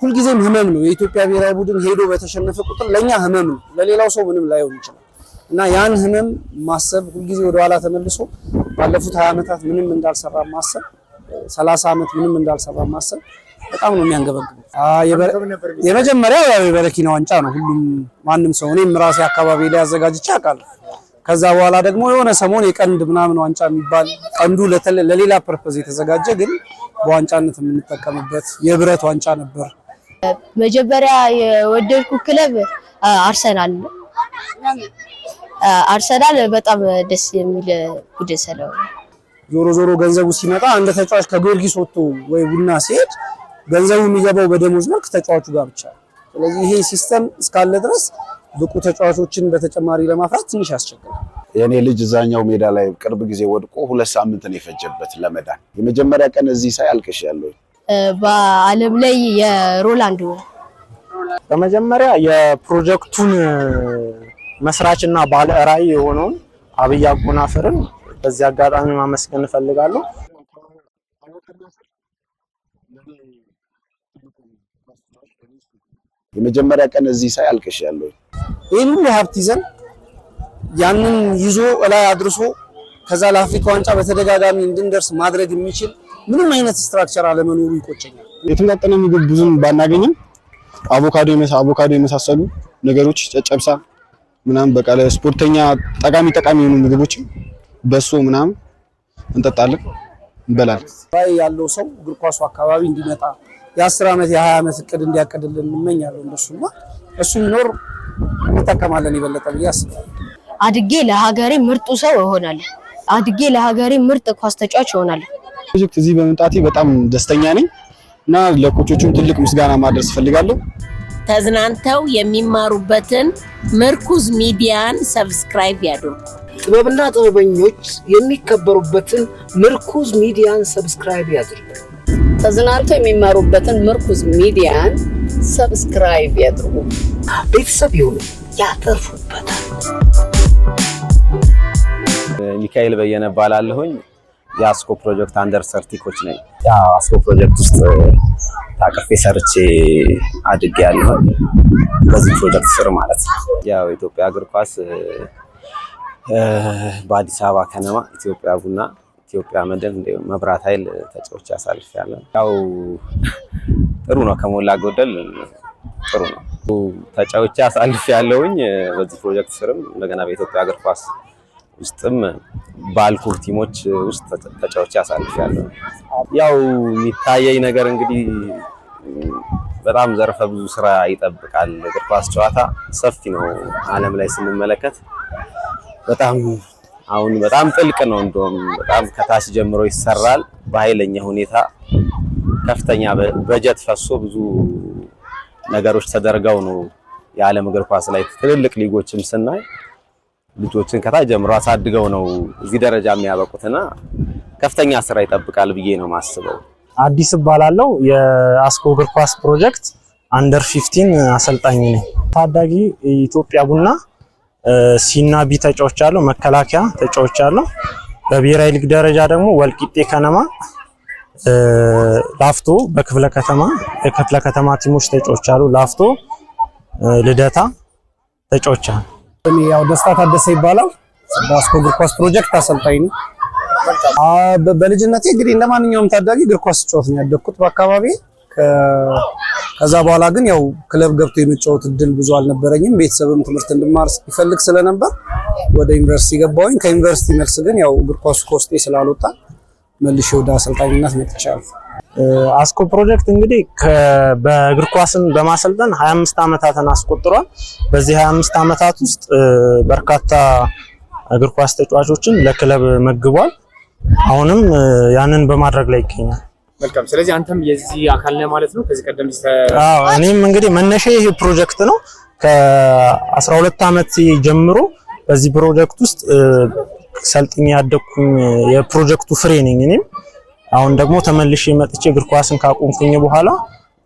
ሁልጊዜም ህመም ነው። የኢትዮጵያ ብሔራዊ ቡድን ሄዶ በተሸነፈ ቁጥር ለእኛ ህመም ነው፣ ለሌላው ሰው ምንም ላይሆን ይችላል። እና ያን ህመም ማሰብ ሁልጊዜ ወደኋላ ተመልሶ ባለፉት ሀያ ዓመታት ምንም እንዳልሰራ ማሰብ፣ ሰላሳ ዓመት ምንም እንዳልሰራ ማሰብ በጣም ነው የሚያንገበግበው። የመጀመሪያ የበረኪና ዋንጫ ነው። ሁሉም ማንም ሰው እኔም ራሴ አካባቢ ላይ አዘጋጅቼ አውቃለሁ። ከዛ በኋላ ደግሞ የሆነ ሰሞን የቀንድ ምናምን ዋንጫ የሚባል ቀንዱ ለሌላ ፐርፐዝ የተዘጋጀ ግን በዋንጫነት የምንጠቀምበት የብረት ዋንጫ ነበር። መጀመሪያ የወደድኩ ክለብ አርሰናል አርሰናል በጣም ደስ የሚል ቡድን ነው። ዞሮ ዞሮ ገንዘቡ ሲመጣ አንድ ተጫዋች ከጊዮርጊስ ወጥቶ ወይ ቡና ሲሄድ ገንዘቡ የሚገባው በደሞዝ መልክ ተጫዋቹ ጋር ብቻ። ስለዚህ ይሄ ሲስተም እስካለ ድረስ ብቁ ተጫዋቾችን በተጨማሪ ለማፍራት ትንሽ ያስቸግራል። የእኔ ልጅ እዛኛው ሜዳ ላይ ቅርብ ጊዜ ወድቆ ሁለት ሳምንት ነው የፈጀበት ለመዳን። የመጀመሪያ ቀን እዚህ ሳይ አልቅሽ ያለው በአለም ላይ የሮላንድ በመጀመሪያ የፕሮጀክቱን መስራችና ባለ ራዕይ የሆነውን አብይ አጎናፍርን በዚህ አጋጣሚ ማመስገን እፈልጋለሁ። የመጀመሪያ ቀን እዚህ ሳይ አልቅሽ ያለው ይህን ሁሉ ሀብት ይዘን ያንን ይዞ ላይ አድርሶ ከዛ ለአፍሪካ ዋንጫ በተደጋጋሚ እንድንደርስ ማድረግ የሚችል ምንም አይነት ስትራክቸር አለመኖሩ ይቆጨኛል። የተመጣጠነ ምግብ ብዙም ባናገኝም አቮካዶ የመሳሰሉ ነገሮች ጨጨብሳ ምናምን በቃ ለስፖርተኛ ጠቃሚ ጠቃሚ የሆኑ ምግቦችም በሶ ምናምን እንጠጣለን እንበላል። ራዕይ ያለው ሰው እግር ኳሱ አካባቢ እንዲመጣ የአስር ዓመት የሀያ ዓመት እቅድ እንዲያቅድልን እመኛለሁ። እንደሱማ እሱ ይኖር እንጠቀማለን የበለጠ ብዬ አስባለሁ። አድጌ ለሀገሬ ምርጡ ሰው እሆናለሁ። አድጌ ለሀገሬ ምርጥ ኳስ ተጫዋች እሆናለሁ። ፕሮጀክት እዚህ በመምጣቴ በጣም ደስተኛ ነኝ እና ለኮቾቹም ትልቅ ምስጋና ማድረስ እፈልጋለሁ። ተዝናንተው የሚማሩበትን ምርኩዝ ሚዲያን ሰብስክራይብ ያድርጉ። ጥበብና ጥበበኞች የሚከበሩበትን ምርኩዝ ሚዲያን ሰብስክራይብ ያድርጉ። ተዝናንተው የሚማሩበትን ምርኩዝ ሚዲያን ሰብስክራይብ ያድርጉ። ቤተሰብ ይሁኑ፣ ያተርፉበታል። ሚካኤል በየነ እባላለሁኝ። የአስኮ ፕሮጀክት አንደር ኮች ነኝ። አስኮ ፕሮጀክት ውስጥ ታቅፌ ሰርቼ አድጌ ያለሁ በዚህ ፕሮጀክት ስር ማለት ነው። ያው ኢትዮጵያ እግር ኳስ በአዲስ አበባ ከነማ ኢትዮጵያ ቡና ኢትዮጵያ መድን መብራት ኃይል ተጫዎች ያሳልፍ ያለ ያው ጥሩ ነው። ከሞላ ጎደል ጥሩ ነው። ተጫዎች ያሳልፍ ያለውኝ በዚህ ፕሮጀክት ስርም እንደገና በኢትዮጵያ እግር ኳስ ውስጥም ባልኩል ቲሞች ውስጥ ተጫዎች ያሳልፍ ያለው ያው የሚታየኝ ነገር እንግዲህ በጣም ዘርፈ ብዙ ስራ ይጠብቃል። እግር ኳስ ጨዋታ ሰፊ ነው። ዓለም ላይ ስንመለከት በጣም አሁን በጣም ጥልቅ ነው። እንደውም በጣም ከታች ጀምሮ ይሰራል በኃይለኛ ሁኔታ ከፍተኛ በጀት ፈሶ ብዙ ነገሮች ተደርገው ነው የዓለም እግር ኳስ ላይ ትልልቅ ሊጎችም ስናይ ልጆችን ከታች ጀምሮ አሳድገው ነው እዚህ ደረጃ የሚያበቁትና ከፍተኛ ስራ ይጠብቃል ብዬ ነው ማስበው። አዲስ እባላለሁ። የአስኮ እግር ኳስ ፕሮጀክት አንደር 15 አሰልጣኝ ነኝ። ታዳጊ ኢትዮጵያ ቡና ሲናቢ ተጫዎች አሉ፣ መከላከያ ተጫዎች አለው። በብሔራዊ ሊግ ደረጃ ደግሞ ወልቂጤ ከነማ፣ ላፍቶ በክፍለ ከተማ የክፍለ ከተማ ቲሞች ተጫዎች አሉ። ላፍቶ፣ ልደታ ተጫዎች አሉ። ያው ደስታ ታደሰ ይባላል። ዳስኮ እግር ኳስ ፕሮጀክት አሰልጣኝ ነው። በልጅነቴ እንግዲህ እንደማንኛውም ታዳጊ እግር ኳስ ጨዋታ ነው ያደግኩት በአካባቢ ከዛ በኋላ ግን ያው ክለብ ገብቶ የመጫወት እድል ብዙ አልነበረኝም። ቤተሰብም ትምህርት እንድማር ይፈልግ ስለነበር ወደ ዩኒቨርሲቲ ገባሁኝ። ከዩኒቨርሲቲ መልስ ግን ያው እግር ኳስ ከውስጤ ስላልወጣ መልሼ ወደ አሰልጣኝነት መጥቻለሁ። አስኮ ፕሮጀክት እንግዲህ በእግር ኳስን በማሰልጠን 25 ዓመታትን አስቆጥሯል። በዚህ 25 ዓመታት ውስጥ በርካታ እግር ኳስ ተጫዋቾችን ለክለብ መግቧል። አሁንም ያንን በማድረግ ላይ ይገኛል። መልካም። ስለዚህ አንተም የዚህ አካል ነህ ማለት ነው። ከዚህ ቀደም አዎ፣ እኔም እንግዲህ መነሻ ይሄ ፕሮጀክት ነው። ከ12 ዓመት ጀምሮ በዚህ ፕሮጀክት ውስጥ ሰልጥኝ ያደግኩኝ የፕሮጀክቱ ፍሬ ነኝ። እኔም አሁን ደግሞ ተመልሼ መጥቼ እግር ኳስን ካቆምኩኝ በኋላ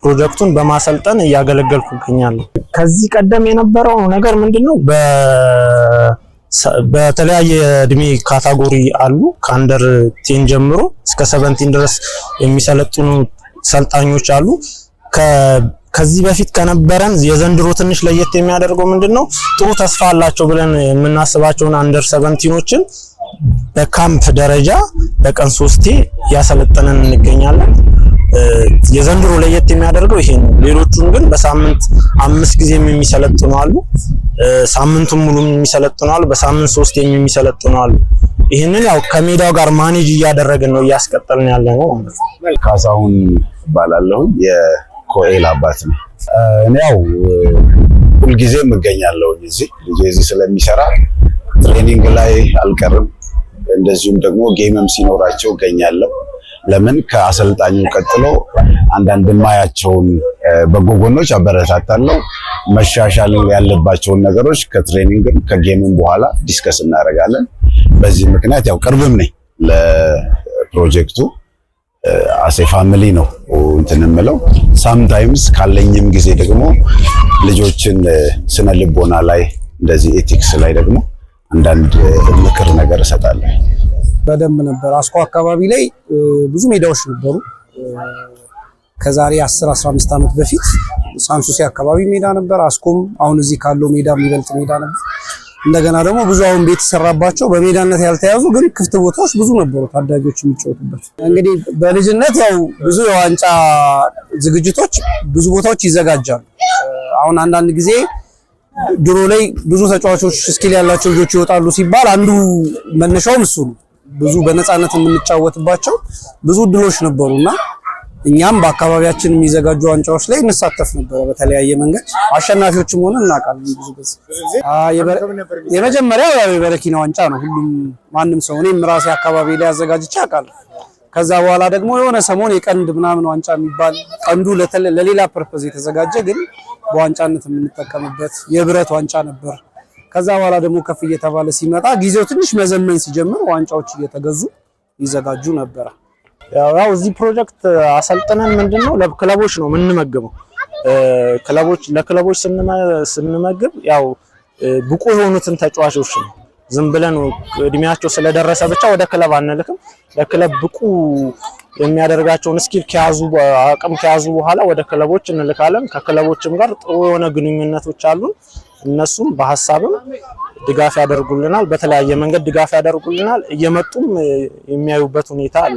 ፕሮጀክቱን በማሰልጠን እያገለገልኩ እገኛለሁ። ከዚህ ቀደም የነበረው ነገር ምንድነው በ በተለያየ እድሜ ካታጎሪ አሉ። ከአንደር ቴን ጀምሮ እስከ ሰቨንቲን ድረስ የሚሰለጥኑ ሰልጣኞች አሉ። ከዚህ በፊት ከነበረን የዘንድሮ ትንሽ ለየት የሚያደርገው ምንድነው? ጥሩ ተስፋ አላቸው ብለን የምናስባቸውን አንደር ሰቨንቲኖችን በካምፕ ደረጃ በቀን ሶስቴ እያሰለጠነን እንገኛለን። የዘንድሮ ለየት የሚያደርገው ይሄ ነው። ሌሎቹን ግን በሳምንት አምስት ጊዜም የሚሰለጥኑ አሉ፣ ሳምንቱን ሙሉም የሚሰለጥኑ አሉ፣ በሳምንት ሶስት የሚሰለጥኑ አሉ። ይህንን ያው ከሜዳው ጋር ማኔጅ እያደረግን ነው እያስቀጠልን ያለ ነው ማለት ነው። ካሳሁን እባላለሁ የኮኤል አባት ነው። እኔ ያው ሁልጊዜ እገኛለሁ እዚህ ልጄ እዚህ ስለሚሰራ ትሬኒንግ ላይ አልቀርም። እንደዚሁም ደግሞ ጌምም ሲኖራቸው እገኛለሁ። ለምን ከአሰልጣኙ ቀጥሎ አንዳንድ የማያቸውን በጎ ጎኖች አበረታታለሁ። መሻሻል ያለባቸውን ነገሮች ከትሬኒንግም ከጌምም በኋላ ዲስከስ እናደርጋለን። በዚህ ምክንያት ያው ቅርብም ነኝ ለፕሮጀክቱ አሴ ፋሚሊ ነው እንትን የምለው። ሳምታይምስ ካለኝም ጊዜ ደግሞ ልጆችን ስነ ልቦና ላይ እንደዚህ ኤቲክስ ላይ ደግሞ አንዳንድ ምክር ነገር እሰጣለሁ። በደንብ ነበር። አስኮ አካባቢ ላይ ብዙ ሜዳዎች ነበሩ። ከዛሬ 10 15 ዓመት በፊት ሳንሱሲ አካባቢ ሜዳ ነበር። አስኮም አሁን እዚህ ካለው ሜዳ የሚበልጥ ሜዳ ነበር። እንደገና ደግሞ ብዙ አሁን ቤት ተሰራባቸው በሜዳነት ያልተያዙ ግን ክፍት ቦታዎች ብዙ ነበሩ ታዳጊዎች የሚጫወቱበት። እንግዲህ በልጅነት ያው ብዙ የዋንጫ ዝግጅቶች ብዙ ቦታዎች ይዘጋጃሉ። አሁን አንዳንድ ጊዜ ድሮ ላይ ብዙ ተጫዋቾች ስኪል ያላቸው ልጆች ይወጣሉ ሲባል አንዱ መነሻውም እሱ ነው። ብዙ በነፃነት የምንጫወትባቸው ብዙ እድሎች ነበሩና እኛም በአካባቢያችን የሚዘጋጁ ዋንጫዎች ላይ እንሳተፍ ነበረ። በተለያየ መንገድ አሸናፊዎችም ሆነ እናውቃለን። ብዙ የመጀመሪያ የበረኪና ዋንጫ ነው። ሁሉም ማንም ሰው እኔም ራሴ አካባቢ ላይ አዘጋጅቼ አውቃለሁ። ከዛ በኋላ ደግሞ የሆነ ሰሞን የቀንድ ምናምን ዋንጫ የሚባል ቀንዱ ለሌላ ፐርፐዝ የተዘጋጀ ግን በዋንጫነት የምንጠቀምበት የብረት ዋንጫ ነበር። ከዛ በኋላ ደግሞ ከፍ እየተባለ ሲመጣ ጊዜው ትንሽ መዘመን ሲጀምር ዋንጫዎች እየተገዙ ይዘጋጁ ነበረ። ያው እዚህ ፕሮጀክት አሰልጥነን ምንድነው ለክለቦች ነው የምንመግበው። ክለቦች ለክለቦች ስንመግብ ያው ብቁ የሆኑትን ተጫዋቾች ነው። ዝም ብለን እድሜያቸው ስለደረሰ ብቻ ወደ ክለብ አንልክም። ለክለብ ብቁ የሚያደርጋቸውን እስኪል ከያዙ አቅም ከያዙ በኋላ ወደ ክለቦች እንልካለን። ከክለቦችም ጋር ጥሩ የሆነ ግንኙነቶች አሉ። እነሱም በሀሳብም ድጋፍ ያደርጉልናል፣ በተለያየ መንገድ ድጋፍ ያደርጉልናል። እየመጡም የሚያዩበት ሁኔታ አለ።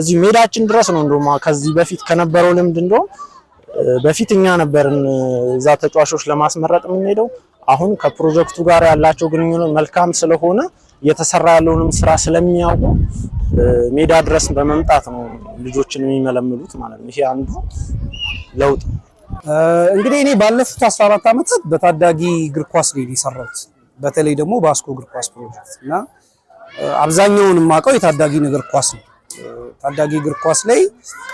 እዚህ ሜዳችን ድረስ ነው። እንደውም ከዚህ በፊት ከነበረው ልምድ እንደውም በፊት እኛ ነበርን እዛ ተጫዋቾች ለማስመረጥ የምንሄደው። አሁን ከፕሮጀክቱ ጋር ያላቸው ግንኙነት መልካም ስለሆነ እየተሰራ ያለውንም ስራ ስለሚያውቁ ሜዳ ድረስ በመምጣት ነው ልጆችን የሚመለምሉት ማለት ነው። ይሄ አንዱ ለውጥ እንግዲህ እኔ ባለፉት 14 ዓመታት በታዳጊ እግር ኳስ ላይ የሰራሁት በተለይ ደግሞ ባስኮ እግር ኳስ ፕሮጀክት እና አብዛኛውን የማውቀው የታዳጊ እግር ኳስ ነው። ታዳጊ እግር ኳስ ላይ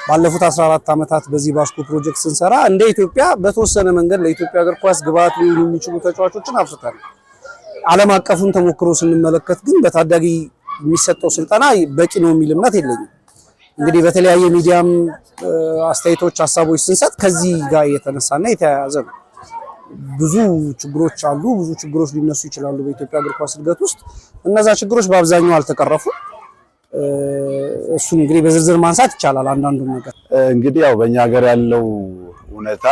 ባለፉት 14 ዓመታት በዚህ ባስኮ ፕሮጀክት ስንሰራ እንደ ኢትዮጵያ በተወሰነ መንገድ ለኢትዮጵያ እግር ኳስ ግብዓት ሊሆኑ የሚችሉ ተጫዋቾችን አፍርተናል። ዓለም አቀፉን ተሞክሮ ስንመለከት ግን በታዳጊ የሚሰጠው ስልጠና በቂ ነው የሚል እምነት የለኝም። እንግዲህ በተለያየ ሚዲያም አስተያየቶች፣ ሀሳቦች ስንሰጥ ከዚህ ጋር የተነሳና የተያያዘ ነው። ብዙ ችግሮች አሉ። ብዙ ችግሮች ሊነሱ ይችላሉ በኢትዮጵያ እግር ኳስ እድገት ውስጥ። እነዛ ችግሮች በአብዛኛው አልተቀረፉ እሱን እንግዲህ በዝርዝር ማንሳት ይቻላል። አንዳንዱ ነገር እንግዲህ ያው በእኛ ሀገር ያለው እውነታ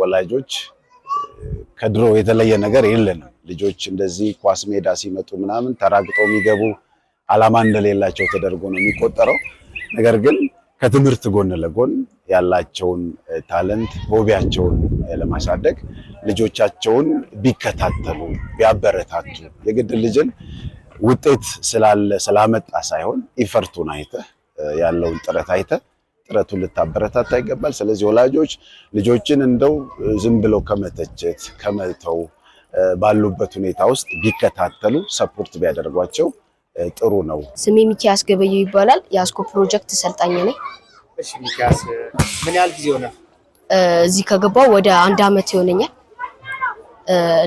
ወላጆች ከድሮ የተለየ ነገር የለንም። ልጆች እንደዚህ ኳስ ሜዳ ሲመጡ ምናምን ተራግጦ የሚገቡ አላማ እንደሌላቸው ተደርጎ ነው የሚቆጠረው። ነገር ግን ከትምህርት ጎን ለጎን ያላቸውን ታለንት ሆቢያቸውን ለማሳደግ ልጆቻቸውን ቢከታተሉ ቢያበረታቱ የግድ ልጅን ውጤት ስላለ ስላመጣ ሳይሆን ኢፈርቱን አይተህ ያለውን ጥረት አይተህ ጥረቱን ልታበረታታ ይገባል። ስለዚህ ወላጆች ልጆችን እንደው ዝም ብለው ከመተቸት ከመተው ባሉበት ሁኔታ ውስጥ ቢከታተሉ ሰፖርት ቢያደርጓቸው ጥሩ ነው። ስሜ ሚኪያስ ገበየው ይባላል። የአስኮ ፕሮጀክት ሰልጣኝ ነኝ። እሺ ሚኪያስ፣ ምን ያህል ጊዜ ሆነ? እዚህ ከገባው ወደ አንድ አመት ይሆነኛል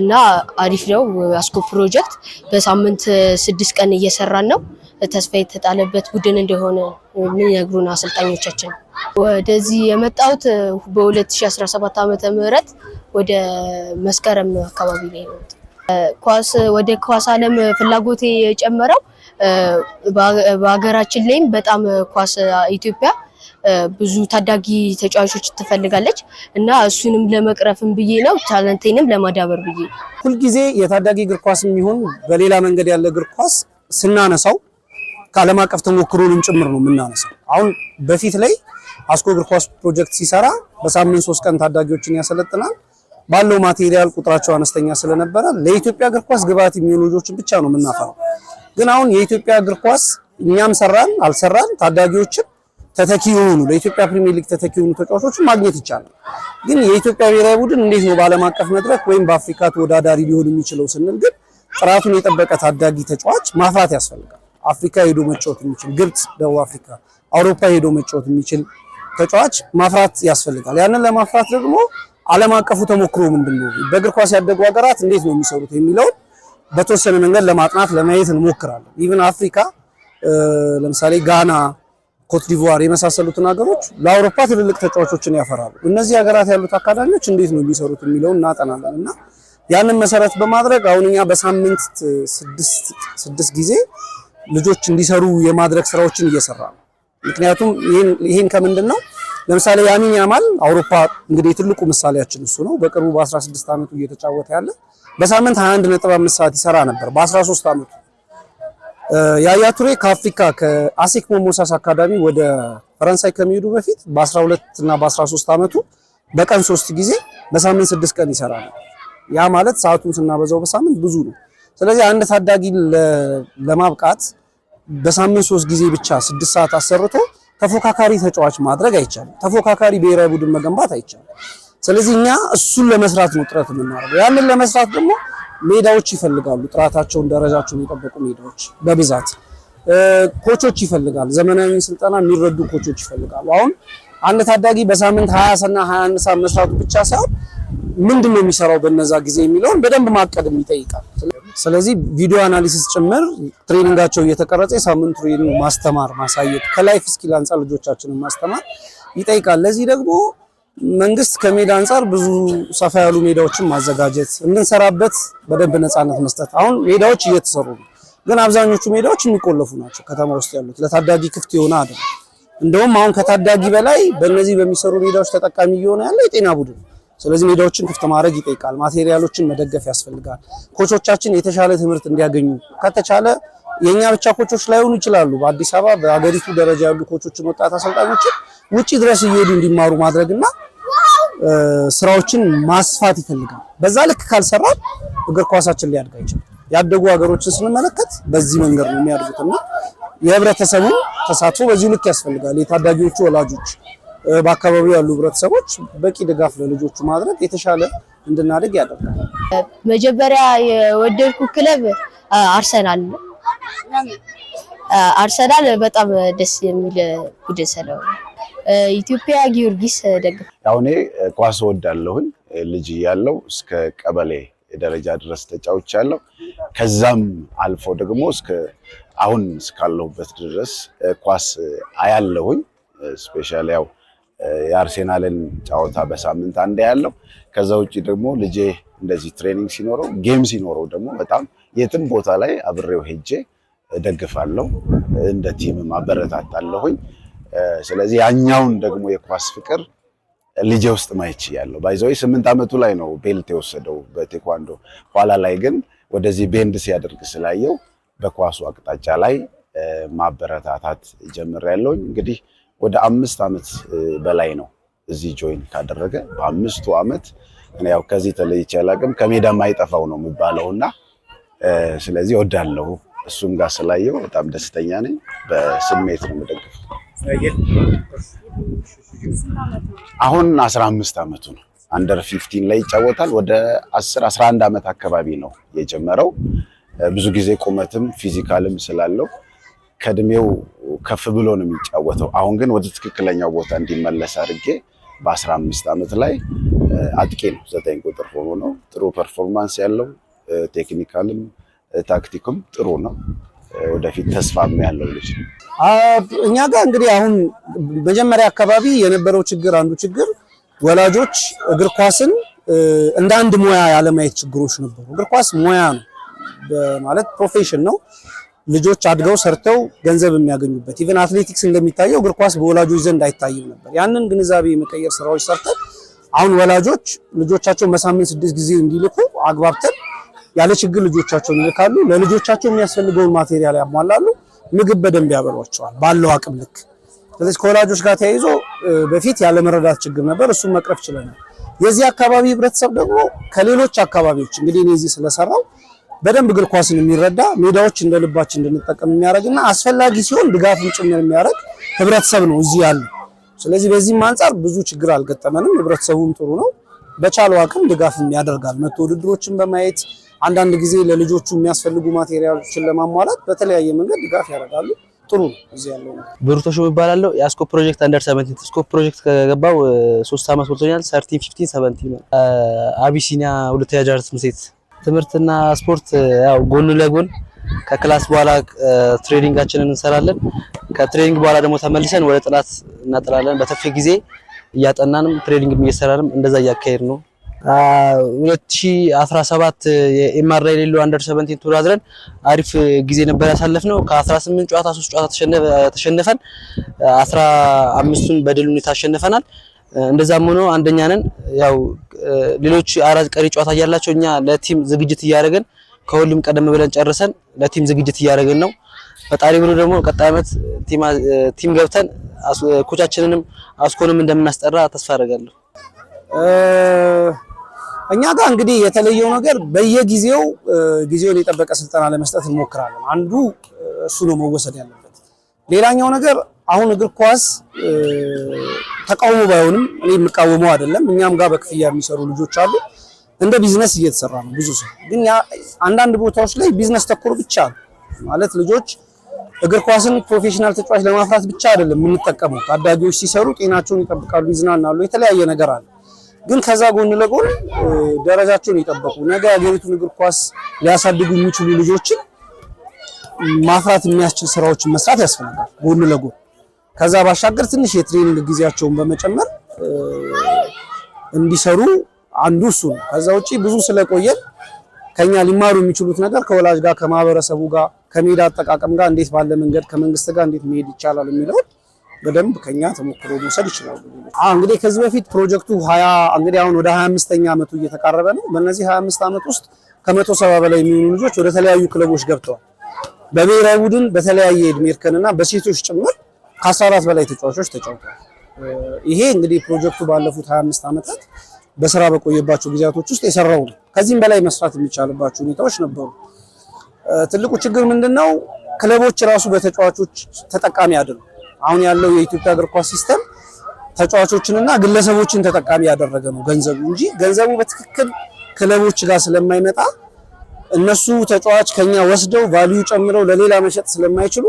እና አሪፍ ነው። አስኮ ፕሮጀክት በሳምንት ስድስት ቀን እየሰራን ነው። ተስፋ የተጣለበት ቡድን እንደሆነ የሚነግሩን አሰልጣኞቻችን። ወደዚህ የመጣሁት በ2017 ዓመተ ምህረት ወደ መስከረም አካባቢ ላይ ነው። ኳስ ወደ ኳስ አለም ፍላጎቴ የጨመረው በሀገራችን ላይም በጣም ኳስ ኢትዮጵያ ብዙ ታዳጊ ተጫዋቾች ትፈልጋለች እና እሱንም ለመቅረፍም ብዬ ነው ታለንቴንም ለማዳበር ብዬ ሁልጊዜ የታዳጊ እግር ኳስ የሚሆን በሌላ መንገድ ያለ እግር ኳስ ስናነሳው ከዓለም አቀፍ ተሞክሮንም ጭምር ነው የምናነሳው። አሁን በፊት ላይ አስኮ እግር ኳስ ፕሮጀክት ሲሰራ በሳምንት ሶስት ቀን ታዳጊዎችን ያሰለጥናል። ባለው ማቴሪያል ቁጥራቸው አነስተኛ ስለነበረ ለኢትዮጵያ እግር ኳስ ግብዓት የሚሆኑ ልጆችን ብቻ ነው የምናፈራው። ግን አሁን የኢትዮጵያ እግር ኳስ እኛም ሰራን አልሰራን ታዳጊዎችም ተተኪ የሆኑ ለኢትዮጵያ ፕሪሚየር ሊግ ተተኪ የሆኑ ተጫዋቾችን ማግኘት ይቻላል። ግን የኢትዮጵያ ብሔራዊ ቡድን እንዴት ነው በዓለም አቀፍ መድረክ ወይም በአፍሪካ ተወዳዳሪ ሊሆን የሚችለው ስንል ግን ጥራቱን የጠበቀ ታዳጊ ተጫዋች ማፍራት ያስፈልጋል። አፍሪካ ሄዶ መጫወት የሚችል ግብፅ፣ ደቡብ አፍሪካ፣ አውሮፓ ሄዶ መጫወት የሚችል ተጫዋች ማፍራት ያስፈልጋል። ያንን ለማፍራት ደግሞ ዓለም አቀፉ ተሞክሮ ምንድን ነው፣ በእግር ኳስ ያደጉ ሀገራት እንዴት ነው የሚሰሩት የሚለውን በተወሰነ መንገድ ለማጥናት ለማየት እንሞክራለን። ኢቨን አፍሪካ ለምሳሌ ጋና፣ ኮትዲቯር የመሳሰሉትን ሀገሮች ለአውሮፓ ትልልቅ ተጫዋቾችን ያፈራሉ። እነዚህ ሀገራት ያሉት አካዳሚዎች እንዴት ነው የሚሰሩት የሚለውን እናጠናለን እና ያንን መሰረት በማድረግ አሁን እኛ በሳምንት ስድስት ጊዜ ልጆች እንዲሰሩ የማድረግ ስራዎችን እየሰራ ነው። ምክንያቱም ይህን ከምንድን ነው ለምሳሌ ያሚን ያማል አውሮፓ እንግዲህ ትልቁ ምሳሌያችን እሱ ነው። በቅርቡ በ16 ዓመቱ እየተጫወተ ያለ በሳምንት 21.5 ሰዓት ይሰራ ነበር በ13 ዓመቱ። ያያ ቱሬ ከአፍሪካ ከአሴክ ሞሞሳስ አካዳሚ ወደ ፈረንሳይ ከሚሄዱ በፊት በ12 እና በ13 ዓመቱ በቀን ሶስት ጊዜ በሳምንት 6 ቀን ይሰራ ነበር። ያ ማለት ሰዓቱን ስናበዛው በሳምንት ብዙ ነው። ስለዚህ አንድ ታዳጊ ለማብቃት በሳምንት 3 ጊዜ ብቻ ስድስት ሰዓት አሰርቶ ተፎካካሪ ተጫዋች ማድረግ አይቻልም። ተፎካካሪ ብሔራዊ ቡድን መገንባት አይቻልም። ስለዚህ እኛ እሱን ለመስራት ነው ጥረት የምናደርገው። ያንን ለመስራት ደግሞ ሜዳዎች ይፈልጋሉ፣ ጥራታቸውን ደረጃቸውን የጠበቁ ሜዳዎች በብዛት ኮቾች ይፈልጋሉ። ዘመናዊ ስልጠና የሚረዱ ኮቾች ይፈልጋሉ። አሁን አንድ ታዳጊ በሳምንት 20 እና 21 ሰዓት መስራቱ ብቻ ሳይሆን ምንድን ነው የሚሰራው በነዛ ጊዜ የሚለውን በደንብ ማቀድም ይጠይቃል። ስለዚህ ቪዲዮ አናሊሲስ ጭምር ትሬኒንጋቸው እየተቀረጸ የሳምንት ትሬኒንግ ማስተማር ማሳየት፣ ከላይፍ ስኪል አንጻር ልጆቻችንን ማስተማር ይጠይቃል። ለዚህ ደግሞ መንግስት ከሜዳ አንጻር ብዙ ሰፋ ያሉ ሜዳዎችን ማዘጋጀት እንድንሰራበት በደንብ ነፃነት መስጠት። አሁን ሜዳዎች እየተሰሩ ነው፣ ግን አብዛኞቹ ሜዳዎች የሚቆለፉ ናቸው። ከተማ ውስጥ ያሉት ለታዳጊ ክፍት የሆነ አይደለም። እንደውም አሁን ከታዳጊ በላይ በእነዚህ በሚሰሩ ሜዳዎች ተጠቃሚ እየሆነ ያለ የጤና ቡድን። ስለዚህ ሜዳዎችን ክፍት ማድረግ ይጠይቃል። ማቴሪያሎችን መደገፍ ያስፈልጋል። ኮቾቻችን የተሻለ ትምህርት እንዲያገኙ ከተቻለ የኛ ብቻ ኮቾች ላይሆኑ ይችላሉ። በአዲስ አበባ በሀገሪቱ ደረጃ ያሉ ኮቾችን ወጣት አሰልጣኞችን ውጪ ድረስ እየሄዱ እንዲማሩ ማድረግና ስራዎችን ማስፋት ይፈልጋል። በዛ ልክ ካልሰራ እግር ኳሳችን ሊያድግ አይችልም። ያደጉ ሀገሮችን ስንመለከት በዚህ መንገድ ነው የሚያድጉት እና የህብረተሰቡ ተሳትፎ በዚሁ ልክ ያስፈልጋል። የታዳጊዎቹ ወላጆች፣ በአካባቢው ያሉ ህብረተሰቦች በቂ ድጋፍ ለልጆቹ ማድረግ የተሻለ እንድናደግ ያደርጋል። መጀመሪያ የወደድኩ ክለብ አርሰናል ነው። አርሰናል በጣም ደስ የሚል ቡድን ስለው ኢትዮጵያ ጊዮርጊስ ደግፍ። አሁን ኳስ ወዳለሁኝ ልጅ ያለው እስከ ቀበሌ ደረጃ ድረስ ያለው ከዛም አልፎ ደግሞ እስከ አሁን እስካለሁበት ድረስ ኳስ አያለሁኝ። ስፔሻል ያው የአርሴናልን ጨዋታ በሳምንት አንዴ ያለው። ከዛ ውጭ ደግሞ ልጄ እንደዚህ ትሬኒንግ ሲኖረው ጌም ሲኖረው ደግሞ በጣም የትም ቦታ ላይ አብሬው ሄጄ እደግፋለሁ፣ እንደ ቲምም አበረታታለሁኝ። ስለዚህ ያኛውን ደግሞ የኳስ ፍቅር ልጄ ውስጥ ማየት ያለው ባይዘዌ ስምንት ዓመቱ ላይ ነው ቤልት የወሰደው በቴኳንዶ። ኋላ ላይ ግን ወደዚህ ቤንድ ሲያደርግ ስላየው በኳሱ አቅጣጫ ላይ ማበረታታት ጀምሬያለሁኝ። እንግዲህ ወደ አምስት ዓመት በላይ ነው እዚህ ጆይን ካደረገ። በአምስቱ ዓመት ያው ከዚህ ተለይቼ አላቅም ከሜዳ ማይጠፋው ነው የሚባለውና ስለዚህ ወዳለሁ እሱም ጋር ስላየው በጣም ደስተኛ ነኝ። በስሜት ነው የምደግፈው። አሁን አስራ አምስት ዓመቱ ነው። አንደር ፊፍቲን ላይ ይጫወታል። ወደ አስር አስራ አንድ ዓመት አካባቢ ነው የጀመረው። ብዙ ጊዜ ቁመትም ፊዚካልም ስላለው ከእድሜው ከፍ ብሎ ነው የሚጫወተው። አሁን ግን ወደ ትክክለኛው ቦታ እንዲመለስ አድርጌ በ15 ዓመት ላይ አጥቂ ነው፣ ዘጠኝ ቁጥር ሆኖ ነው ጥሩ ፐርፎርማንስ ያለው ቴክኒካልም ታክቲኩም ጥሩ ነው። ወደፊት ተስፋም ያለው ልጅ እኛ ጋር እንግዲህ አሁን መጀመሪያ አካባቢ የነበረው ችግር አንዱ ችግር ወላጆች እግር ኳስን እንደ አንድ ሙያ ያለማየት ችግሮች ነበሩ። እግር ኳስ ሙያ ነው ማለት ፕሮፌሽን ነው። ልጆች አድገው ሰርተው ገንዘብ የሚያገኙበት ኢቨን አትሌቲክስ እንደሚታየው እግር ኳስ በወላጆች ዘንድ አይታይም ነበር። ያንን ግንዛቤ የመቀየር ስራዎች ሰርተን አሁን ወላጆች ልጆቻቸው መሳምን ስድስት ጊዜ እንዲልኩ አግባብተን ያለ ችግር ልጆቻቸውን ይልካሉ። ለልጆቻቸው የሚያስፈልገውን ማቴሪያል ያሟላሉ። ምግብ በደንብ ያበሏቸዋል ባለው አቅም ልክ። ስለዚህ ከወላጆች ጋር ተያይዞ በፊት ያለመረዳት ችግር ነበር፣ እሱን መቅረፍ ችለናል። የዚህ አካባቢ ህብረተሰብ ደግሞ ከሌሎች አካባቢዎች እንግዲህ እኔ እዚህ ስለሰራው በደንብ እግር ኳስን የሚረዳ ሜዳዎች እንደ ልባችን እንድንጠቀም የሚያደርግና አስፈላጊ ሲሆን ድጋፍን ጭምር የሚያደርግ ህብረተሰብ ነው እዚህ ያለ። ስለዚህ በዚህም አንጻር ብዙ ችግር አልገጠመንም። ህብረተሰቡም ጥሩ ነው። በቻለው አቅም ድጋፍም ያደርጋል መቶ ውድድሮችን በማየት አንዳንድ ጊዜ ለልጆቹ የሚያስፈልጉ ማቴሪያሎችን ለማሟላት በተለያየ መንገድ ድጋፍ ያደርጋሉ። ጥሩ ነው። እዚህ ያለው ብሩቶሽ ይባላለው። የአስኮ ፕሮጀክት አንደር 17 ስኮ ፕሮጀክት ከገባው ሶስት ዓመት ወጥቶኛል። 13 15 17 ነው። አቢሲኒያ ሁለተኛ ደረጃ ትምህርት ትምህርትና ስፖርት ያው ጎን ለጎን ከክላስ በኋላ ትሬኒንጋችንን እንሰራለን። ከትሬኒንግ በኋላ ደግሞ ተመልሰን ወደ ጥናት እናጥላለን። በተፊ ጊዜ እያጠናንም ትሬኒንግ እየሰራንም እንደዛ እያካሄድ ነው። 2017 የኤምአርአይ ሌሎ አንደር 17 ተወዳድረን አሪፍ ጊዜ ነበር ያሳለፍነው። ከ18 ጨዋታ 3 ጨዋታ ተሸነፈን፣ 15ቱን በድል ሁኔታ አሸንፈናል እንደዛም ሆኖ አንደኛ ነን። ያው ሌሎች አራት ቀሪ ጨዋታ እያላቸው እኛ ለቲም ዝግጅት እያደረገን ከሁሉም ቀደም ብለን ጨርሰን ለቲም ዝግጅት እያደረግን ነው። ፈጣሪ ብሎ ደግሞ ቀጣይ ዓመት ቲም ገብተን ኮቻችንንም አስኮንም እንደምናስጠራ ተስፋ አደርጋለሁ። እኛ ጋር እንግዲህ የተለየው ነገር በየጊዜው ጊዜውን የጠበቀ ስልጠና ለመስጠት እንሞክራለን። አንዱ እሱ ነው መወሰድ ያለበት። ሌላኛው ነገር አሁን እግር ኳስ ተቃውሞ ባይሆንም እኔ የምቃወመው አይደለም። እኛም ጋር በክፍያ የሚሰሩ ልጆች አሉ። እንደ ቢዝነስ እየተሰራ ነው። ብዙ ሰው ግን አንዳንድ ቦታዎች ላይ ቢዝነስ ተኮር ብቻ ማለት ልጆች እግር ኳስን ፕሮፌሽናል ተጫዋች ለማፍራት ብቻ አይደለም የምንጠቀመው። ታዳጊዎች ሲሰሩ ጤናቸውን ይጠብቃሉ፣ ይዝናናሉ፣ የተለያየ ነገር አለ። ግን ከዛ ጎን ለጎን ደረጃቸውን የጠበቁ ነገ ሀገሪቱን እግር ኳስ ሊያሳድጉ የሚችሉ ልጆችን ማፍራት የሚያስችል ስራዎችን መስራት ያስፈልጋል። ጎን ለጎን ከዛ ባሻገር ትንሽ የትሬኒንግ ጊዜያቸውን በመጨመር እንዲሰሩ አንዱ እሱ ነው። ከዛ ውጪ ብዙ ስለቆየን ከኛ ሊማሩ የሚችሉት ነገር ከወላጅ ጋር፣ ከማህበረሰቡ ጋር፣ ከሜዳ አጠቃቀም ጋር እንዴት ባለ መንገድ ከመንግስት ጋር እንዴት መሄድ ይቻላል የሚለውን በደንብ ከኛ ተሞክሮ መውሰድ ይችላሉ። እንግዲህ ከዚህ በፊት ፕሮጀክቱ ሀያ እንግዲህ አሁን ወደ ሀያ አምስተኛ ዓመቱ እየተቃረበ ነው። በእነዚህ ሀያ አምስት ዓመት ውስጥ ከመቶ ሰባ በላይ የሚሆኑ ልጆች ወደ ተለያዩ ክለቦች ገብተዋል። በብሔራዊ ቡድን በተለያየ እድሜ ና በሴቶች ጭምር ከአስራ አራት በላይ ተጫዋቾች ተጫውተዋል። ይሄ እንግዲህ ፕሮጀክቱ ባለፉት ሀያ አምስት ዓመታት በስራ በቆየባቸው ጊዜያቶች ውስጥ የሰራው ነው። ከዚህም በላይ መስራት የሚቻልባቸው ሁኔታዎች ነበሩ። ትልቁ ችግር ምንድን ነው? ክለቦች ራሱ በተጫዋቾች ተጠቃሚ አይደሉም። አሁን ያለው የኢትዮጵያ እግር ኳስ ሲስተም ተጫዋቾችንና ግለሰቦችን ተጠቃሚ ያደረገ ነው ገንዘቡ እንጂ ገንዘቡ በትክክል ክለቦች ጋር ስለማይመጣ እነሱ ተጫዋች ከኛ ወስደው ቫልዩ ጨምረው ለሌላ መሸጥ ስለማይችሉ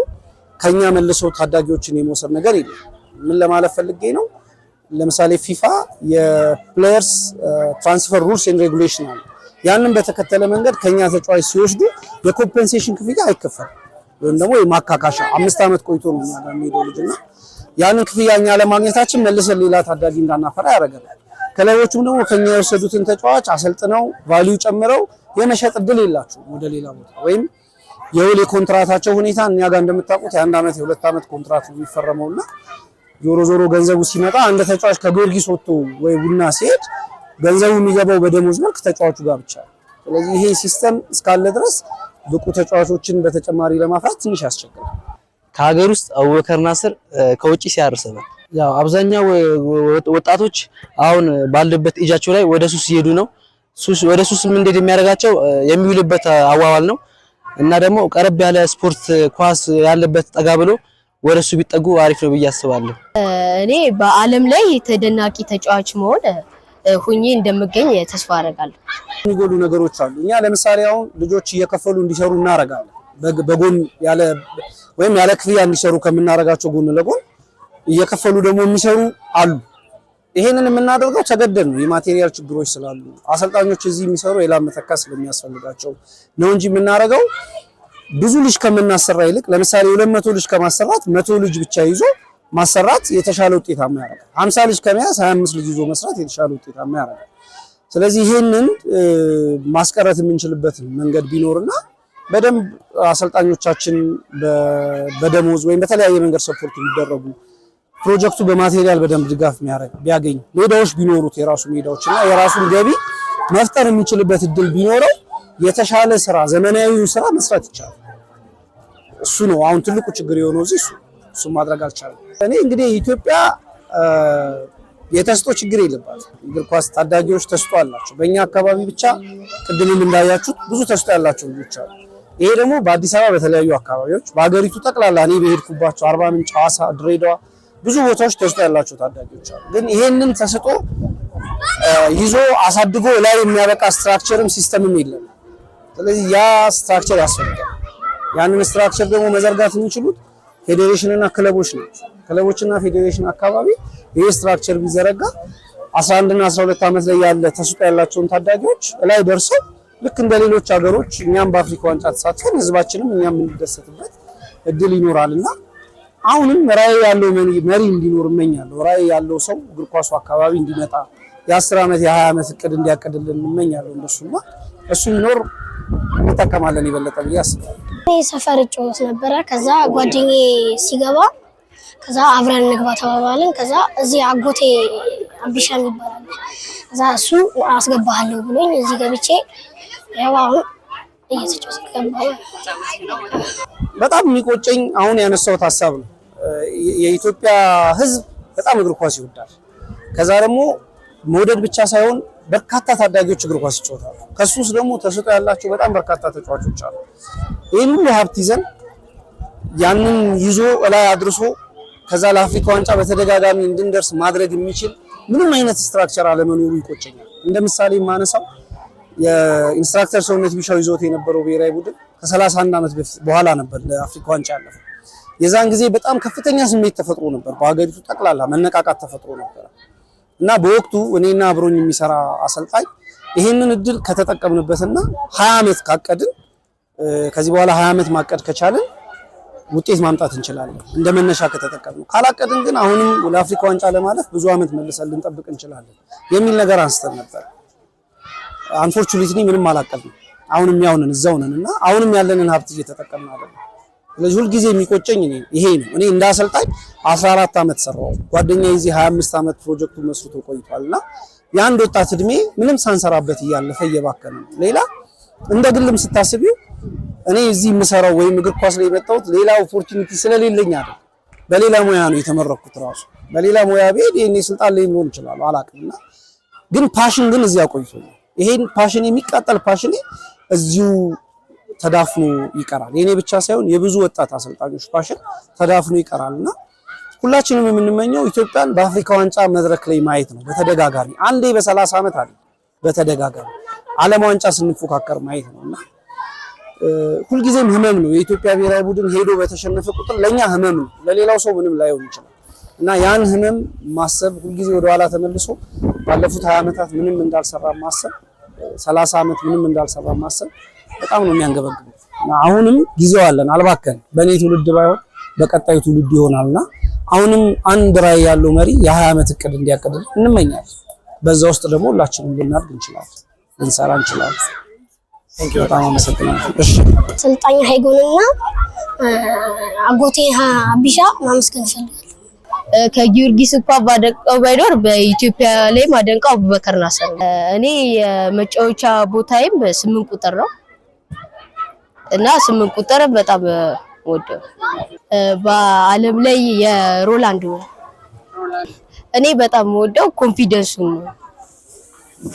ከኛ መልሰው ታዳጊዎችን የመውሰድ ነገር የለም። ምን ለማለት ፈልጌ ነው? ለምሳሌ ፊፋ የፕሌየርስ ትራንስፈር ሩልስ ኤንድ ሬጉሌሽን አለ። ያንን በተከተለ መንገድ ከኛ ተጫዋች ሲወስዱ የኮምፔንሴሽን ክፍያ አይከፈልም። ወይም ደግሞ የማካካሻ አምስት ዓመት ቆይቶ ነው እኛ ጋር የሚሄደው ልጅ እና ያንን ክፍያ እኛ ለማግኘታችን መልሰን ሌላ ታዳጊ እንዳናፈራ ያደርገናል። ክለቦቹም ደግሞ ከኛ የወሰዱትን ተጫዋች አሰልጥነው ቫሊዩ ጨምረው የመሸጥ እድል የላቸውም ወደ ሌላ ቦታ ወይም የውል የኮንትራታቸው ሁኔታ እኛ ጋር እንደምታውቁት የአንድ ዓመት የሁለት ዓመት ኮንትራት ነው የሚፈረመው እና ዞሮ ዞሮ ገንዘቡ ሲመጣ አንድ ተጫዋች ከጊዮርጊስ ወጥቶ ወይ ቡና ሲሄድ ገንዘቡ የሚገባው በደሞዝ መልክ ተጫዋቹ ጋር ብቻ። ስለዚህ ይሄ ሲስተም እስካለ ድረስ ብቁ ተጫዋቾችን በተጨማሪ ለማፍራት ትንሽ ያስቸግራል። ከሀገር ውስጥ አቡበከር ናስር ከውጭ ሲያርሰናል ያው አብዛኛው ወጣቶች አሁን ባለበት እጃቸው ላይ ወደ ሱስ እየሄዱ ነው። ወደ ሱስ እንዴት የሚያደርጋቸው የሚውልበት አዋዋል ነው እና ደግሞ ቀረብ ያለ ስፖርት ኳስ ያለበት ጠጋ ብሎ ወደ ቢጠጉ አሪፍ ነው ብዬ አስባለሁ። እኔ በዓለም ላይ ተደናቂ ተጫዋች መሆን ሁኜ እንደምገኝ ተስፋ አደርጋለሁ። የሚጎሉ ነገሮች አሉ። እኛ ለምሳሌ አሁን ልጆች እየከፈሉ እንዲሰሩ እናደርጋለን። በጎን ያለ ወይም ያለ ክፍያ እንዲሰሩ ከምናደርጋቸው ጎን ለጎን እየከፈሉ ደግሞ የሚሰሩ አሉ። ይሄንን የምናደርገው ተገደን ነው፣ የማቴሪያል ችግሮች ስላሉ አሰልጣኞች እዚህ የሚሰሩ ሌላ መተካ ስለሚያስፈልጋቸው ነው እንጂ የምናደርገው ብዙ ልጅ ከምናሰራ ይልቅ ለምሳሌ ሁለት መቶ ልጅ ከማሰራት መቶ ልጅ ብቻ ይዞ ማሰራት የተሻለ ውጤታማ ያደርጋል። 50 ልጅ ከመያዝ 25 ልጅ ይዞ መስራት የተሻለ ውጤታማ ያደርጋል። ስለዚህ ይህንን ማስቀረት የምንችልበት መንገድ ቢኖርና በደንብ አሰልጣኞቻችን በደሞዝ ወይም በተለያየ መንገድ ሰፖርት ቢደረጉ ፕሮጀክቱ በማቴሪያል በደንብ ድጋፍ የሚያደርግ ቢያገኝ ሜዳዎች ቢኖሩት የራሱ ሜዳዎች እና የራሱን ገቢ መፍጠር የሚችልበት እድል ቢኖረው የተሻለ ስራ ዘመናዊውን ስራ መስራት ይቻላል። እሱ ነው አሁን ትልቁ ችግር የሆነው እዚህ እሱ እሱ ማድረግ አልቻለም። እኔ እንግዲህ ኢትዮጵያ የተስጦ ችግር የለባት። እግር ኳስ ታዳጊዎች ተስጦ አላቸው። በእኛ አካባቢ ብቻ ቅድምም እንዳያችሁት ብዙ ተስጦ ያላቸው ልጆች አሉ። ይሄ ደግሞ በአዲስ አበባ በተለያዩ አካባቢዎች በሀገሪቱ ጠቅላላ እኔ በሄድኩባቸው አርባ ምንጭ፣ ሐዋሳ፣ ድሬዳዋ ብዙ ቦታዎች ተስጦ ያላቸው ታዳጊዎች አሉ። ግን ይሄንን ተስጦ ይዞ አሳድጎ ላይ የሚያበቃ ስትራክቸርም ሲስተምም የለም። ስለዚህ ያ ስትራክቸር ያስፈልጋል። ያንን ስትራክቸር ደግሞ መዘርጋት የሚችሉት ፌዴሬሽንና ክለቦች ናቸው። ክለቦችና ፌዴሬሽን አካባቢ ይህ ስትራክቸር ቢዘረጋ 11 እና 12 ዓመት ላይ ያለ ተስጦ ያላቸውን ታዳጊዎች ላይ ደርሰው ልክ እንደ ሌሎች ሀገሮች እኛም በአፍሪካ ዋንጫ ተሳትፈን ህዝባችንም እኛም የምንደሰትበት እድል ይኖራል እና አሁንም ራዕይ ያለው መሪ እንዲኖር እመኛለሁ። ራዕይ ያለው ሰው እግር ኳሱ አካባቢ እንዲመጣ የአስር ዓመት የሀያ ዓመት እቅድ እንዲያቅድልን እመኛለሁ። እንደሱማ እሱ ይኖር እንጠቀማለን የበለጠ ብዬ አስባለሁ። ሰፈር እጫወት ነበረ። ከዛ ጓደኛዬ ሲገባ ከዛ አብረን እንግባ ተባባልን። ከዛ እዚህ አጎቴ አቢሻ ይባላል። ከዛ እሱ አስገባሃለሁ ብሎኝ እዚህ ገብቼ ያው አሁን በጣም የሚቆጨኝ አሁን ያነሳሁት ሀሳብ ነው። የኢትዮጵያ ሕዝብ በጣም እግር ኳስ ይወዳል። ከዛ ደግሞ መውደድ ብቻ ሳይሆን በርካታ ታዳጊዎች እግር ኳስ ይጫወታሉ። ከሱ ውስጥ ደግሞ ተሰጥኦ ያላቸው በጣም በርካታ ተጫዋቾች አሉ። ይህን ሁሉ ሀብት ይዘን ያንን ይዞ እላይ አድርሶ ከዛ ለአፍሪካ ዋንጫ በተደጋጋሚ እንድንደርስ ማድረግ የሚችል ምንም አይነት ስትራክቸር አለመኖሩ ይቆጨኛል። እንደ ምሳሌ የማነሳው የኢንስትራክተር ሰውነት ቢሻው ይዞት የነበረው ብሔራዊ ቡድን ከ31 ዓመት በኋላ ነበር ለአፍሪካ ዋንጫ ያለፈው። የዛን ጊዜ በጣም ከፍተኛ ስሜት ተፈጥሮ ነበር፣ በሀገሪቱ ጠቅላላ መነቃቃት ተፈጥሮ ነበር እና በወቅቱ እኔና አብሮኝ የሚሰራ አሰልጣኝ ይህንን እድል ከተጠቀምንበትና ሀያ ዓመት ካቀድን ከዚህ በኋላ ሀያ ዓመት ማቀድ ከቻልን ውጤት ማምጣት እንችላለን እንደ መነሻ ከተጠቀምነው። ካላቀድን ግን አሁንም ለአፍሪካ ዋንጫ ለማለፍ ብዙ ዓመት መልሰን ልንጠብቅ እንችላለን የሚል ነገር አንስተን ነበር። አንፎርቹኔትሊ ምንም አላቀድንም። አሁንም ያውንን እዛው ነን እና አሁንም ያለንን ሀብት እየተጠቀምን አይደለም። ስለዚህ ሁልጊዜ የሚቆጨኝ እኔ ይሄ ነው። እኔ እንደ አሰልጣኝ 14 ዓመት ሰራው፣ ጓደኛዬ እዚህ 25 ዓመት ፕሮጀክቱ መስርቶ ቆይቷል እና የአንድ ወጣት እድሜ ምንም ሳንሰራበት እያለፈ እየባከነ ነው። ሌላ እንደ ግልም ስታስቢው እኔ እዚህ የምሰራው ወይም እግር ኳስ ላይ የመጣሁት ሌላ ኦፖርቹኒቲ ስለሌለኝ አይደል። በሌላ ሙያ ነው የተመረኩት። ራሱ በሌላ ሙያ ብሄድ ይሄኔ ስልጣን ላይ ሊሆን ይችላል አላውቅም። እና ግን ፓሽን ግን እዚህ አቆይቶኛል። ይሄን ፓሽን የሚቃጠል ፓሽን እዚሁ ተዳፍኖ ይቀራል። የኔ ብቻ ሳይሆን የብዙ ወጣት አሰልጣኞች ፓሽን ተዳፍኖ ይቀራል እና ሁላችንም የምንመኘው ኢትዮጵያን በአፍሪካ ዋንጫ መድረክ ላይ ማየት ነው። በተደጋጋሚ አንዴ በሰላሳ ዓመት አለ በተደጋጋሚ ዓለም ዋንጫ ስንፎካከር ማየት ነው እና ሁልጊዜም ህመም ነው። የኢትዮጵያ ብሔራዊ ቡድን ሄዶ በተሸነፈ ቁጥር ለእኛ ህመም ነው፣ ለሌላው ሰው ምንም ላይሆን ይችላል እና ያን ህመም ማሰብ ሁልጊዜ ወደኋላ ተመልሶ ባለፉት ሀያ ዓመታት ምንም እንዳልሰራ ማሰብ፣ ሰላሳ ዓመት ምንም እንዳልሰራ ማሰብ በጣም ነው የሚያንገበግበው እና አሁንም ጊዜው አለን፣ አልባከን በእኔ ትውልድ ባይሆን በቀጣዩ ትውልድ ይሆናልና አሁንም አንድ ራዕይ ያለው መሪ የሀያ ዓመት እቅድ እንዲያቅድል እንመኛለን። በዛ ውስጥ ደግሞ ሁላችንም ልናድግ እንችላለን፣ ልንሰራ እንችላለን። በጣም አመሰግናለሁ። እሺ ሀይጎንና አጎቴ ማመስገን ከጊዮርጊስ ባደንቀው ባይኖር በኢትዮጵያ ላይ ማደንቀው አቡበከር እኔ የመጫወቻ ቦታዬም ስምንት ቁጥር ነው እና ስምንት ቁጥር በጣም ወደው በዓለም ላይ የሮላንድ እኔ በጣም ወደው ኮንፊደንሱን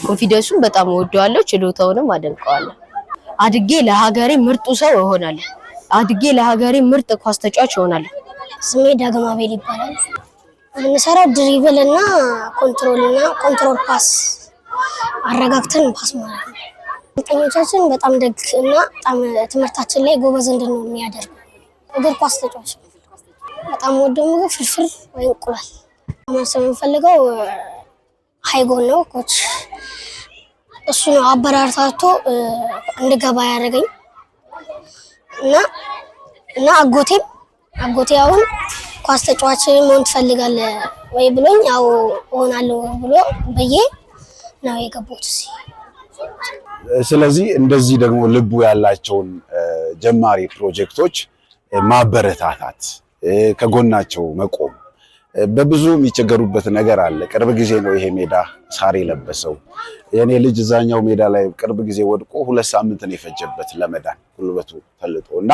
ኮንፊደንሱን በጣም ወደዋለሁ። ችሎታውንም አደንቀዋለሁ። አድጌ ለሀገሬ ምርጡ ሰው እሆናለሁ። አድጌ ለሀገሬ ምርጥ ኳስ ተጫዋች እሆናለሁ። ስሜ ዳግም አቤል ይባላል። የምንሰራው ድሪብል እና ኮንትሮል እና ኮንትሮል ፓስ አረጋግተን ፓስ ማለት ነው። አሰልጣኞቻችን በጣም ደግ እና በጣም ትምህርታችን ላይ ጎበዝ እንድንሆን የሚያደርግ እግር ኳስ ተጫዋች በጣም ወደ ምግብ ፍርፍር ወይ እንቁላል ማሰብ የምፈልገው ሀይጎን ነው ኮች እሱ ነው አበራርታቶ እንድገባ ያደረገኝ እና እና አጎቴም አጎቴ አሁን ኳስ ተጫዋች መሆን ትፈልጋለ ወይ ብሎኝ፣ ያው እሆናለሁ ብሎ ብዬ ነው የገባሁት። ስለዚህ እንደዚህ ደግሞ ልቡ ያላቸውን ጀማሪ ፕሮጀክቶች ማበረታታት፣ ከጎናቸው መቆም በብዙ የሚቸገሩበት ነገር አለ። ቅርብ ጊዜ ነው ይሄ ሜዳ ሳር የለበሰው። የኔ ልጅ እዛኛው ሜዳ ላይ ቅርብ ጊዜ ወድቆ ሁለት ሳምንት ነው የፈጀበት ለመዳን ጉልበቱ ተልጦ እና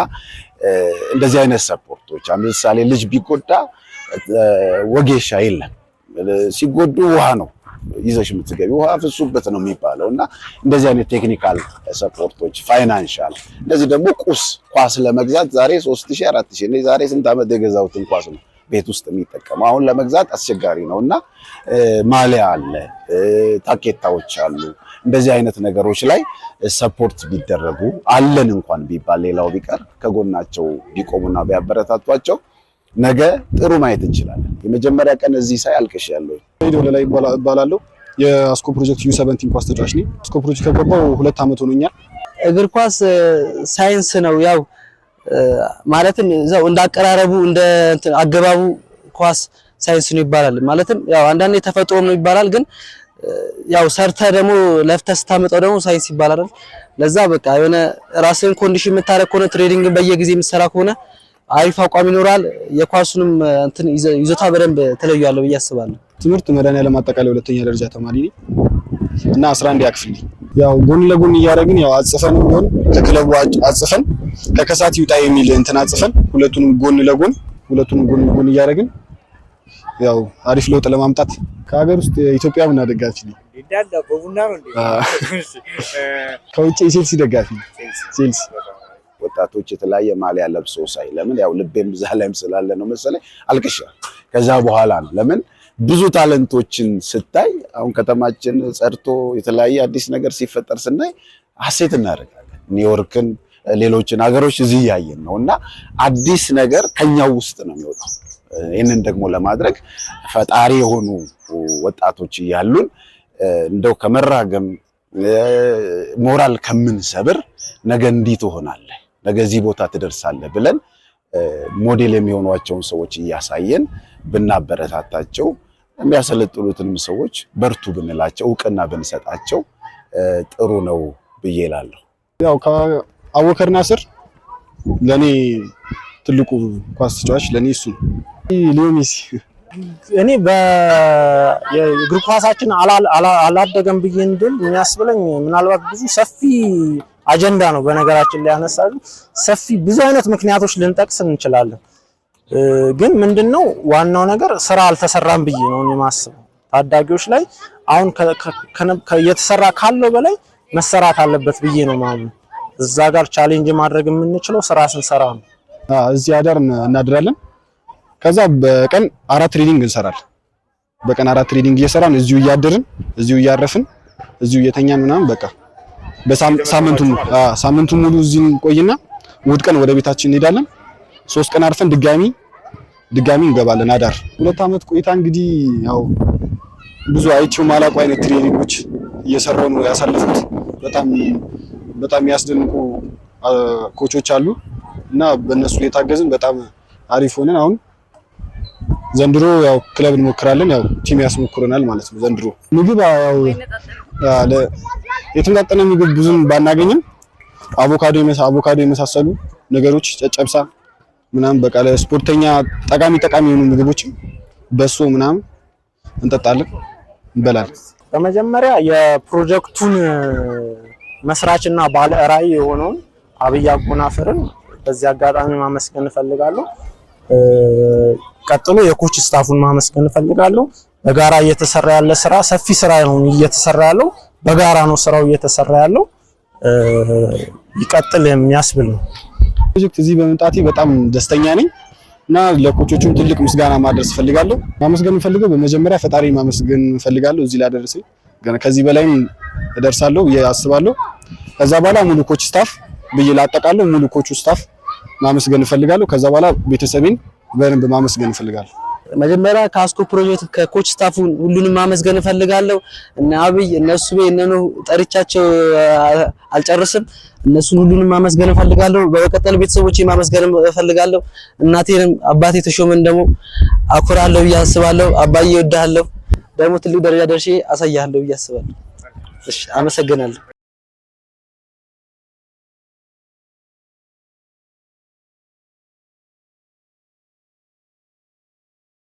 እንደዚህ አይነት ሰፖርቶች ምሳሌ ልጅ ቢጎዳ ወጌሻ የለም። ሲጎዱ ውሃ ነው ይዘሽ የምትገቢ ውሃ ፍሱበት ነው የሚባለው እና እንደዚህ አይነት ቴክኒካል ሰፖርቶች ፋይናንሻል፣ እንደዚህ ደግሞ ቁስ ኳስ ለመግዛት ዛሬ ሶስት ሺህ አራት ዛሬ ስንት ዓመት የገዛሁትን ኳስ ነው ቤት ውስጥ የሚጠቀመው አሁን ለመግዛት አስቸጋሪ ነው እና ማሊያ አለ፣ ታኬታዎች አሉ። እንደዚህ አይነት ነገሮች ላይ ሰፖርት ቢደረጉ አለን እንኳን ቢባል ሌላው ቢቀር ከጎናቸው ቢቆሙና ቢያበረታቷቸው ነገ ጥሩ ማየት እንችላለን። የመጀመሪያ ቀን እዚህ ሳይ አልቅሽ ያለው ዶለ ላይ ይባላለሁ። የአስኮ ፕሮጀክት ዩ ሰቨንቲን ኳስ ተጫዋች ነኝ። አስኮ ፕሮጀክት ከገባው ሁለት ዓመት ሆኖኛል። እግር ኳስ ሳይንስ ነው ያው ማለትም እዛው እንዳቀራረቡ እንደ አገባቡ ኳስ ሳይንስ ነው ይባላል። ማለትም ያው አንዳንዴ ተፈጥሮ ነው ይባላል፣ ግን ያው ሰርተ ደግሞ ለፍተ ስታመጣው ደግሞ ሳይንስ ይባላል። ለዛ በቃ የሆነ ራስን ኮንዲሽን የምታረግ ከሆነ ትሬዲንግ በየጊዜ የምትሰራ ከሆነ አሪፍ አቋም ይኖራል። የኳሱንም እንትን ይዞታ በደንብ ተለዩ ያለው ብዬ አስባለሁ። ትምህርት መድኃኒዓለም አጠቃላይ ሁለተኛ ደረጃ ተማሪ ነኝ እና 11 ያክፍልኝ ያው ጎን ለጎን እያደረግን ያው አጽፈን ቢሆን ለክለቡ አጽፈን ከከሳት ይውጣ የሚል እንትን አጽፈን ሁለቱንም ጎን ለጎን ሁለቱንም ጎን ጎን እያደረግን ያው አሪፍ ለውጥ ለማምጣት ከሀገር ውስጥ ኢትዮጵያ ምን አደጋፊ ነው በቡና ነው እንዴ? ከውጭ የቼልሲ ደጋፊ ቼልሲ ወጣቶች የተለያየ ማሊያ ለብሶ ሳይ ለምን ያው ልቤም ብዛ ላይም ስላለ ነው መሰለኝ አልቅሻ ከዛ በኋላ ነው ለምን ብዙ ታለንቶችን ስታይ አሁን ከተማችን ጸድቶ የተለያየ አዲስ ነገር ሲፈጠር ስናይ ሀሴት እናደርጋለን። ኒውዮርክን፣ ሌሎችን ሀገሮች እዚህ እያየን ነው እና አዲስ ነገር ከኛው ውስጥ ነው የሚወጣው። ይህንን ደግሞ ለማድረግ ፈጣሪ የሆኑ ወጣቶች እያሉን እንደው ከመራገም ሞራል ከምንሰብር ነገ እንዲህ ትሆናለህ፣ ነገ እዚህ ቦታ ትደርሳለህ ብለን ሞዴል የሚሆኗቸውን ሰዎች እያሳየን ብናበረታታቸው የሚያሰለጥኑትንም ሰዎች በርቱ ብንላቸው እውቅና ብንሰጣቸው ጥሩ ነው ብዬ እላለሁ። ያው ከአቡበከር ናስር ለኔ ትልቁ ኳስ ተጫዋች ለእኔ እሱ ሊዮ ሜሲ። እኔ በእግር ኳሳችን አላደገም ብዬ እንድል የሚያስብለኝ ምናልባት ብዙ ሰፊ አጀንዳ ነው። በነገራችን ላይ ያነሳሉ ሰፊ ብዙ አይነት ምክንያቶች ልንጠቅስ እንችላለን። ግን ምንድነው ዋናው ነገር ስራ አልተሰራም ብዬ ነው የማስበው። ታዳጊዎች ላይ አሁን ከየተሰራ ካለው በላይ መሰራት አለበት ብዬ ነው ማምኑ። እዛ ጋር ቻሌንጅ ማድረግ የምንችለው ስራ ስንሰራ ነው። እዚህ አዳር እናድራለን። ከዛ በቀን አራት ሪዲንግ እንሰራለን። በቀን አራት ሪዲንግ እየሰራን እዚሁ እያደርን እዚሁ እያረፍን እዚሁ እየተኛን ምናምን በቃ በሳምንቱ ሳምንቱ ሙሉ እዚህ ቆይና እሑድ ቀን ወደ ቤታችን እንሄዳለን። ሶስት ቀን አርፈን ድጋሚ ድጋሚ እንገባለን አዳር። ሁለት አመት ቆይታ እንግዲህ ያው ብዙ አይቼው ማላውቁ አይነት ትሬኒንጎች እየሰራሁ ነው ያሳለፉት። በጣም በጣም ያስደንቁ ኮቾች አሉ እና በእነሱ የታገዝን በጣም አሪፍ ሆነን አሁን ዘንድሮ ያው ክለብ እንሞክራለን። ያው ቲም ያስሞክረናል ማለት ነው ዘንድሮ ምግብ ያው የተመጣጠነ ምግብ ብዙም ባናገኝም አቮካዶ አቮካዶ የመሳሰሉ ነገሮች ጨጨብሳ ምናምን በቃ ለስፖርተኛ ጠቃሚ ጠቃሚ የሆኑ ምግቦችን በሶ ምናምን እንጠጣለን እንበላለን። በመጀመሪያ የፕሮጀክቱን መስራችና ባለ ራዕይ የሆነውን አብይ አጎናፍርን በዚህ አጋጣሚ ማመስገን እፈልጋለሁ። ቀጥሎ የኮች ስታፉን ማመስገን እፈልጋለሁ። በጋራ እየተሰራ ያለ ስራ ሰፊ ስራ ነው እየተሰራ ያለው። በጋራ ነው ስራው እየተሰራ ያለው። ይቀጥል የሚያስብል ነው። ፕሮጀክት እዚህ በመምጣቴ በጣም ደስተኛ ነኝ እና ለኮቾቹም ትልቅ ምስጋና ማድረስ ፈልጋለሁ። ማመስገን ፈልገው በመጀመሪያ ፈጣሪ ማመስገን ፈልጋለሁ እዚህ ላደረሰኝ። ከዚህ በላይም እደርሳለሁ ብዬ አስባለሁ። ከዛ በኋላ ሙሉ ኮች ስታፍ ብዬ ላጠቃለሁ። ሙሉ ኮቹ ስታፍ ማመስገን ፈልጋለሁ። ከዛ በኋላ ቤተሰቤን በደንብ ማመስገን ፈልጋለሁ። መጀመሪያ ካስኮ ፕሮጀክት ከኮች ስታፉ ሁሉንም ማመስገን እፈልጋለሁ። እነ አብይ እነሱ ቤ እነ ነው ጠርቻቸው አልጨርስም። እነሱን ሁሉንም ማመስገን እፈልጋለሁ። በመቀጠል ቤተሰቦች ማመስገን እፈልጋለሁ። እናቴንም አባቴ ተሾመን ደግሞ አኩራለሁ ብዬ አስባለሁ። አባዬ እወድሃለሁ ደግሞ ትልቅ ደረጃ ደርሼ አሳያለሁ ብዬ አስባለሁ። እሺ አመሰግናለሁ።